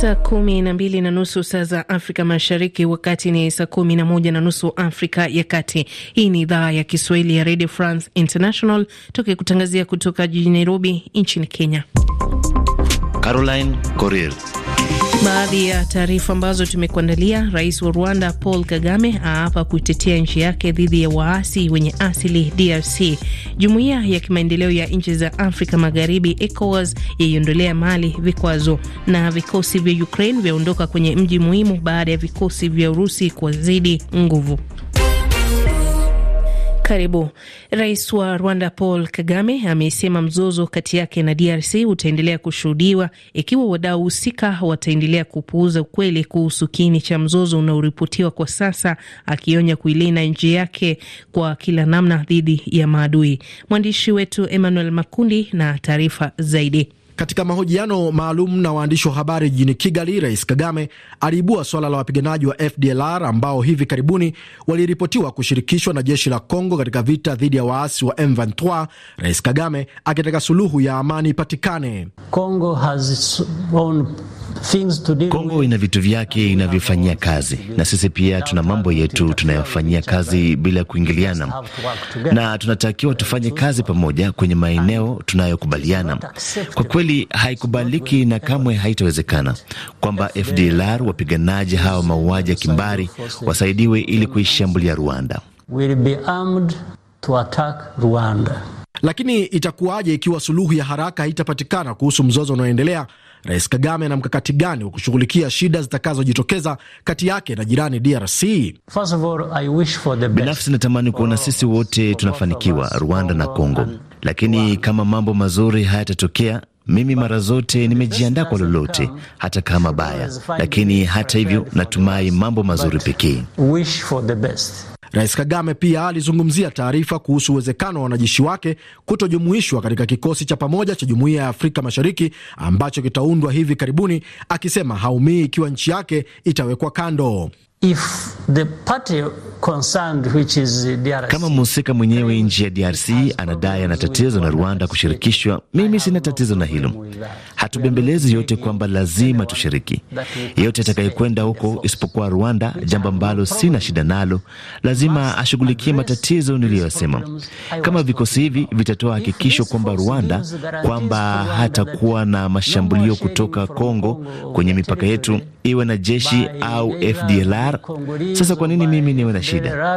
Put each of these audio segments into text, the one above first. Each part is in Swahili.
Saa kumi na mbili na nusu saa za Afrika Mashariki, wakati ni saa kumi na moja na nusu Afrika ya Kati. Hii ni idhaa ya Kiswahili ya Radio France International, tukikutangazia kutoka jijini Nairobi nchini Kenya. Caroline Coril Baadhi ya taarifa ambazo tumekuandalia: Rais wa Rwanda Paul Kagame aapa kuitetea nchi yake dhidi ya waasi wenye asili DRC. Jumuiya ya kimaendeleo ya nchi za Afrika Magharibi ECOWAS yaiondolea Mali vikwazo, na vikosi vya Ukraine vyaondoka kwenye mji muhimu baada ya vikosi vya Urusi kuwazidi nguvu. Karibu. Rais wa Rwanda Paul Kagame amesema mzozo kati yake na DRC utaendelea kushuhudiwa ikiwa wadau husika wataendelea kupuuza ukweli kuhusu kiini cha mzozo unaoripotiwa kwa sasa, akionya kuilinda nchi yake kwa kila namna dhidi ya maadui. Mwandishi wetu Emmanuel Makundi na taarifa zaidi. Katika mahojiano maalum na waandishi wa habari jijini Kigali, Rais Kagame aliibua swala la wapiganaji wa FDLR ambao hivi karibuni waliripotiwa kushirikishwa na jeshi la Kongo katika vita dhidi ya waasi wa M23, Rais Kagame akitaka suluhu ya amani ipatikane. has its own Kongo ina vitu vyake inavyofanyia kazi, na sisi pia tuna mambo yetu tunayofanyia kazi bila kuingiliana, na tunatakiwa tufanye kazi pamoja kwenye maeneo tunayokubaliana. Kwa kweli, haikubaliki na kamwe haitawezekana kwamba FDLR wapiganaji hawa mauaji ya kimbari wasaidiwe ili kuishambulia Rwanda. Rwanda. Lakini itakuwaje ikiwa suluhu ya haraka haitapatikana kuhusu mzozo unaoendelea Rais Kagame ana mkakati gani wa kushughulikia shida zitakazojitokeza kati yake na jirani DRC? Binafsi natamani kuona sisi wote tunafanikiwa, Rwanda na congo lakini kama mambo mazuri hayatatokea mimi mara zote nimejiandaa kwa lolote, hata kama baya, lakini hata hivyo natumai mambo mazuri pekee. Rais Kagame pia alizungumzia taarifa kuhusu uwezekano wa wanajeshi wake kutojumuishwa katika kikosi cha pamoja cha Jumuiya ya Afrika Mashariki ambacho kitaundwa hivi karibuni, akisema haumii ikiwa nchi yake itawekwa kando. If the party concerned which is DRC, kama mhusika mwenyewe nji ya DRC anadai ana tatizo na Rwanda kushirikishwa, mimi sina tatizo na hilo. Hatubembelezi yote kwamba lazima tushiriki yeyote atakayekwenda huko isipokuwa Rwanda, jambo ambalo sina shida nalo. Lazima ashughulikie matatizo niliyoyasema Kama vikosi hivi vitatoa hakikisho kwamba Rwanda kwamba hatakuwa na mashambulio kutoka Kongo kwenye mipaka yetu, iwe na jeshi au FDLR. Sasa kwa nini mimi niwe na shida?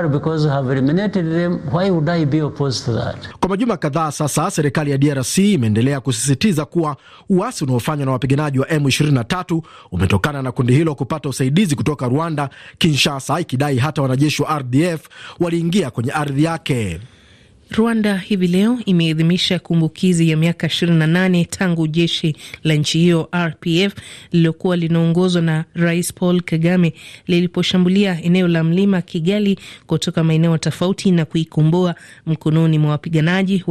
Kwa majuma kadhaa sasa, serikali ya DRC imeendelea kusisitiza kuwa uasi uasi unaofanywa na wapiganaji wa M23 umetokana na kundi hilo kupata usaidizi kutoka Rwanda, Kinshasa ikidai hata wanajeshi wa RDF waliingia kwenye ardhi yake. Rwanda hivi leo imeadhimisha kumbukizi ya miaka 28 tangu jeshi la nchi hiyo RPF lililokuwa linaongozwa na Rais Paul Kagame liliposhambulia eneo la mlima Kigali kutoka maeneo tofauti na kuikomboa mkononi mwa wapiganaji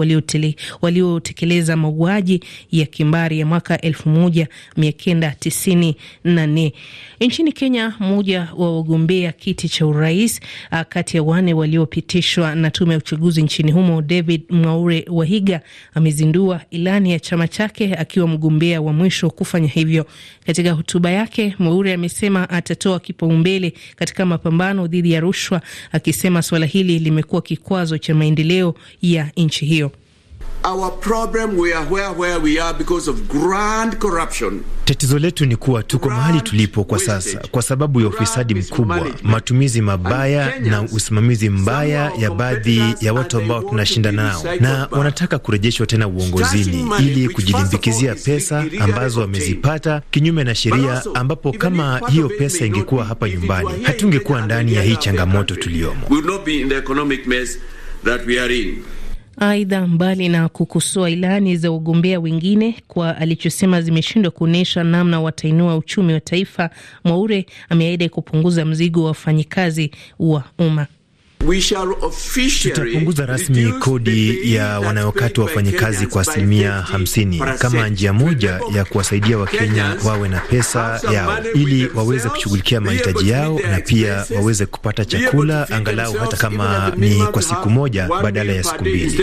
waliotekeleza walio mauaji ya kimbari ya mwaka 1994. Nchini Kenya, mmoja wa wagombea kiti cha urais kati ya wane waliopitishwa na tume ya uchaguzi nchini humo humo David Mwaure Wahiga amezindua ilani ya chama chake akiwa mgombea wa mwisho kufanya hivyo. Katika hotuba yake, Mwaure amesema atatoa kipaumbele katika mapambano dhidi ya rushwa, akisema suala hili limekuwa kikwazo cha maendeleo ya nchi hiyo. Our problem we are where, where we are because of grand corruption. Tatizo letu ni kuwa tuko mahali tulipo kwa sasa kwa sababu ya ufisadi mkubwa, matumizi mabaya na usimamizi mbaya ya baadhi ya watu ambao tunashinda nao, na wanataka kurejeshwa tena uongozini ili kujilimbikizia pesa ambazo wamezipata kinyume na sheria, ambapo kama hiyo pesa ingekuwa hapa nyumbani hatungekuwa ndani ya hii changamoto tuliyomo. Aidha, mbali na kukosoa ilani za wagombea wengine kwa alichosema zimeshindwa kuonyesha namna watainua uchumi wa taifa, Mwaure ameahidi kupunguza mzigo wa wafanyikazi wa umma. Tutapunguza rasmi kodi ya wanayokatwa wafanyikazi kwa asilimia 50 kama njia moja ya kuwasaidia Wakenya wawe na pesa yao ili waweze kushughulikia mahitaji yao na pia waweze kupata chakula angalau hata kama ni kwa siku moja badala ya siku mbili.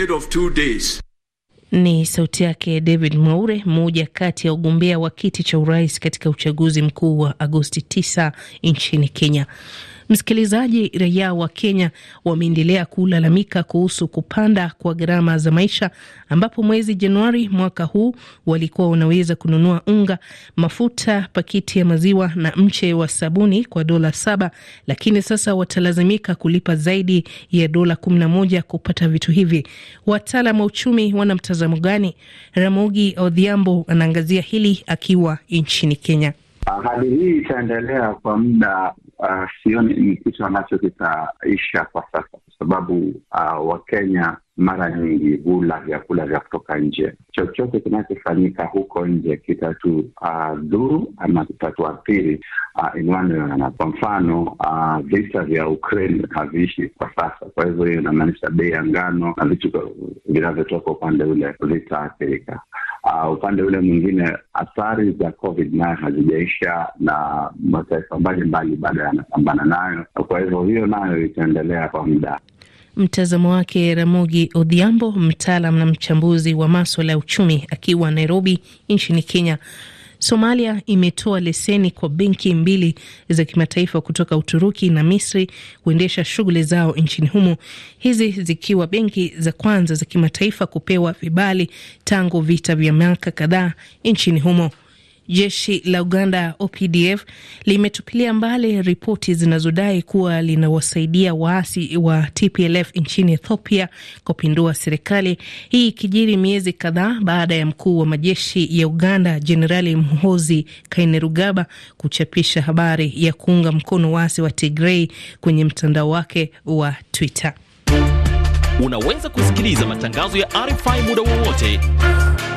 Ni sauti yake David Mwaure, mmoja kati ya ugombea wa kiti cha urais katika uchaguzi mkuu wa Agosti 9 nchini Kenya. Msikilizaji, raia wa Kenya wameendelea kulalamika kuhusu kupanda kwa gharama za maisha, ambapo mwezi Januari mwaka huu walikuwa wanaweza kununua unga, mafuta, pakiti ya maziwa na mche wa sabuni kwa dola saba, lakini sasa watalazimika kulipa zaidi ya dola kumi na moja kupata vitu hivi. Wataalam wa uchumi wana mtazamo gani? Ramogi Odhiambo anaangazia hili akiwa nchini Kenya hali hii itaendelea kwa muda uh, sioni ni kitu ambacho kitaisha kwa sasa, kwa sababu uh, ah, Wakenya mara nyingi hula vyakula vya kutoka nje. Chochote kinachofanyika huko nje kitatudhuru ah, uh, ama kitatuathiri uh, Kwa mfano uh, vita vya Ukraine haviishi kwa sasa, kwa hivyo hiyo inamaanisha bei ya ngano na vitu vinavyotoka upande ule vitaathirika. Uh, upande ule mwingine athari za COVID nayo hazijaisha, na mataifa mbalimbali bado yanapambana nayo, kwa hivyo hiyo nayo itaendelea kwa muda. Mtazamo wake Ramogi Odhiambo, mtaalam na mchambuzi wa maswala ya uchumi, akiwa Nairobi nchini Kenya. Somalia imetoa leseni kwa benki mbili za kimataifa kutoka Uturuki na Misri kuendesha shughuli zao nchini humo, hizi zikiwa benki za kwanza za kimataifa kupewa vibali tangu vita vya miaka kadhaa nchini humo. Jeshi la Uganda OPDF limetupilia mbali ripoti zinazodai kuwa linawasaidia waasi wa TPLF nchini Ethiopia kupindua serikali. Hii ikijiri miezi kadhaa baada ya mkuu wa majeshi ya Uganda Jenerali mhozi Kainerugaba kuchapisha habari ya kuunga mkono waasi wa Tigrei kwenye mtandao wake wa Twitter. Unaweza kusikiliza matangazo ya RFI muda wowote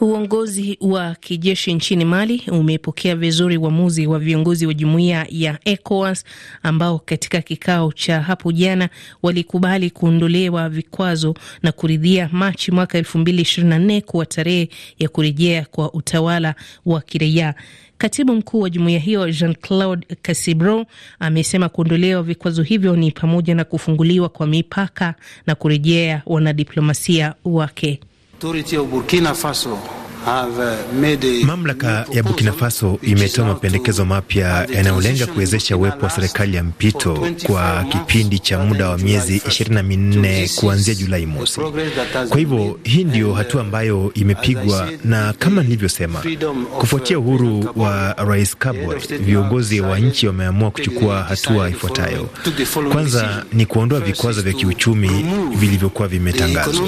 Uongozi wa kijeshi nchini Mali umepokea vizuri uamuzi wa viongozi wa jumuiya ya ECOWAS ambao katika kikao cha hapo jana walikubali kuondolewa vikwazo na kuridhia Machi mwaka 2024 kuwa tarehe ya kurejea kwa utawala wa kiraia. Katibu mkuu wa jumuiya hiyo Jean Claude Casibro amesema kuondolewa vikwazo hivyo ni pamoja na kufunguliwa kwa mipaka na kurejea wanadiplomasia wake. Mamlaka ya Burkina Faso imetoa mapendekezo mapya yanayolenga kuwezesha uwepo wa serikali ya mpito kwa kipindi cha muda wa miezi 24 kuanzia Julai mosi. Kwa hivyo hii ndiyo hatua uh, ambayo imepigwa, na kama nilivyosema, kufuatia uh, uhuru wa Rais Kabore, viongozi wa nchi wameamua kuchukua hatua ifuatayo. Kwanza ni kuondoa vikwazo vya kiuchumi vilivyokuwa vimetangazwa.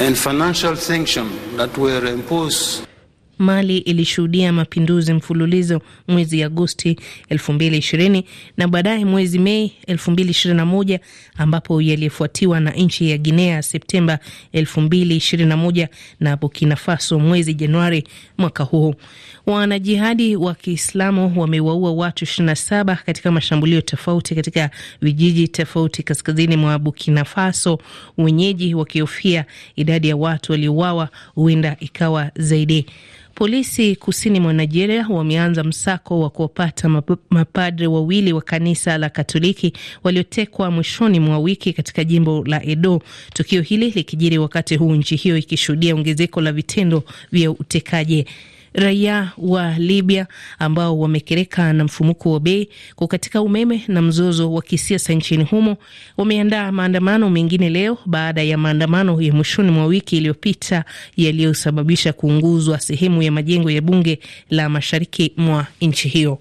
and financial sanctions that were imposed Mali ilishuhudia mapinduzi mfululizo mwezi Agosti 2020 na baadaye mwezi Mei 2021 ambapo yalifuatiwa na nchi ya Guinea Septemba 2021 na Burkina Faso mwezi Januari mwaka huu. Wanajihadi wa Kiislamu wamewaua watu 27 katika mashambulio tofauti katika vijiji tofauti kaskazini mwa Burkina Faso, wenyeji wakihofia idadi ya watu waliouawa huenda ikawa zaidi. Polisi kusini mwa Nigeria wameanza msako wa kuwapata mapadre wawili wa kanisa la Katoliki waliotekwa mwishoni mwa wiki katika jimbo la Edo, tukio hili likijiri wakati huu nchi hiyo ikishuhudia ongezeko la vitendo vya utekaji raia wa Libya ambao wamekereka na mfumuko wa bei, kukatika umeme na mzozo wa kisiasa nchini humo wameandaa maandamano mengine leo baada ya maandamano ya mwishoni mwa wiki iliyopita yaliyosababisha kuunguzwa sehemu ya majengo ya bunge la mashariki mwa nchi hiyo.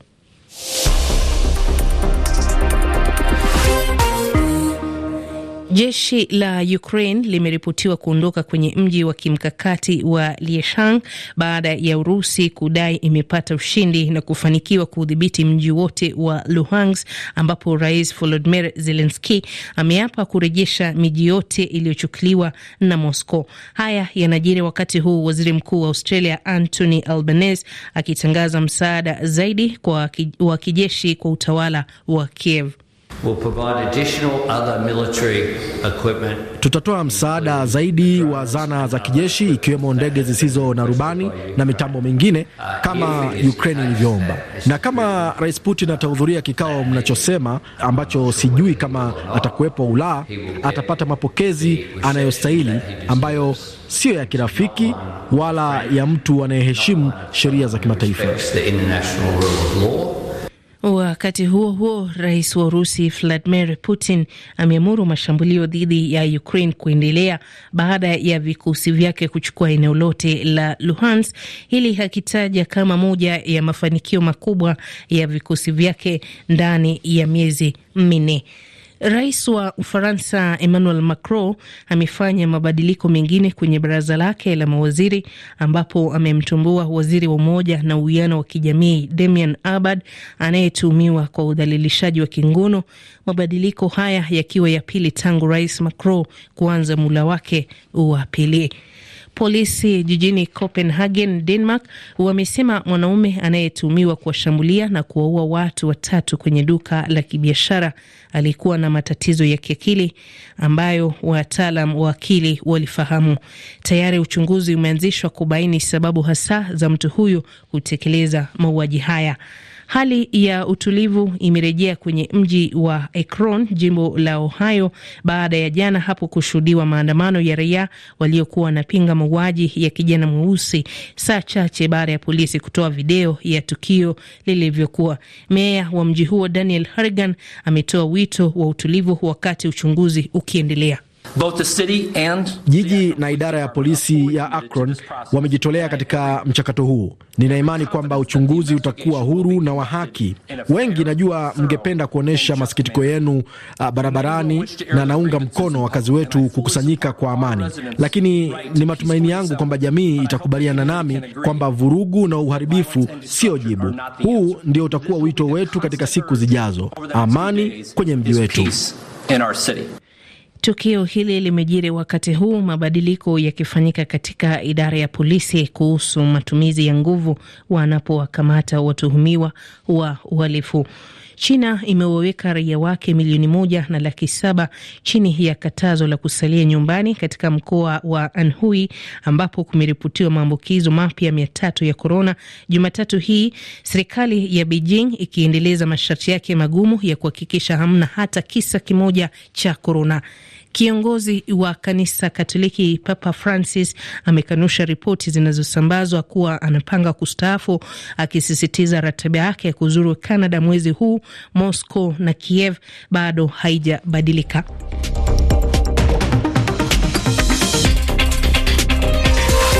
Jeshi la Ukraine limeripotiwa kuondoka kwenye mji wa kimkakati wa lieshang baada ya Urusi kudai imepata ushindi na kufanikiwa kuudhibiti mji wote wa Luhansk, ambapo Rais Volodymyr Zelensky ameapa kurejesha miji yote iliyochukuliwa na Moscow. Haya yanajiri wakati huu waziri mkuu wa Australia Anthony Albanese akitangaza msaada zaidi kwa wa kijeshi kwa utawala wa Kiev. Tutatoa msaada zaidi wa zana za kijeshi ikiwemo ndege zisizo na rubani na mitambo mingine kama Ukraine ilivyoomba. Na kama Rais Putin atahudhuria kikao mnachosema, ambacho sijui kama atakuwepo ulaa atapata mapokezi anayostahili ambayo siyo ya kirafiki wala ya mtu anayeheshimu sheria za kimataifa. Wakati huo huo, rais wa Urusi Vladimir Putin ameamuru mashambulio dhidi ya Ukraine kuendelea baada ya vikosi vyake kuchukua eneo lote la Luhansk, hili akitaja kama moja ya mafanikio makubwa ya vikosi vyake ndani ya miezi minne. Rais wa Ufaransa Emmanuel Macron amefanya mabadiliko mengine kwenye baraza lake la mawaziri ambapo amemtumbua waziri wa umoja na uwiano wa kijamii Damian Abad anayetuhumiwa kwa udhalilishaji wa kingono, mabadiliko haya yakiwa ya pili tangu Rais Macron kuanza mula wake wa pili. Polisi jijini Copenhagen, Denmark, wamesema mwanaume anayetumiwa kuwashambulia na kuwaua watu watatu kwenye duka la kibiashara alikuwa na matatizo ya kiakili ambayo wataalam wa akili walifahamu. Tayari uchunguzi umeanzishwa kubaini sababu hasa za mtu huyo kutekeleza mauaji haya. Hali ya utulivu imerejea kwenye mji wa Akron, jimbo la Ohio, baada ya jana hapo kushuhudiwa maandamano ya raia waliokuwa wanapinga mauaji ya kijana mweusi, saa chache baada ya polisi kutoa video ya tukio lilivyokuwa. Meya wa mji huo Daniel Harrigan ametoa wito wa utulivu wakati uchunguzi ukiendelea. Jiji na idara ya polisi ya Akron wamejitolea katika mchakato huu. Nina imani kwamba uchunguzi utakuwa huru na wa haki. Wengi najua mngependa kuonyesha masikitiko yenu uh, barabarani, na naunga mkono wakazi wetu kukusanyika kwa amani, lakini ni matumaini yangu kwamba jamii itakubaliana nami kwamba vurugu na uharibifu sio jibu. Huu ndio utakuwa wito wetu katika siku zijazo: amani kwenye mji wetu. Tukio hili limejiri wakati huu mabadiliko yakifanyika katika idara ya polisi kuhusu matumizi ya nguvu wanapowakamata watuhumiwa wa uhalifu. China imewaweka raia wake milioni moja na laki saba chini ya katazo la kusalia nyumbani katika mkoa wa Anhui ambapo kumeripotiwa maambukizo mapya mia tatu ya korona Jumatatu hii, serikali ya Beijing ikiendeleza masharti yake magumu ya kuhakikisha hamna hata kisa kimoja cha korona. Kiongozi wa kanisa Katoliki Papa Francis amekanusha ripoti zinazosambazwa kuwa anapanga kustaafu, akisisitiza ratiba yake ya kuzuru Canada mwezi huu, Moscow na Kiev bado haijabadilika.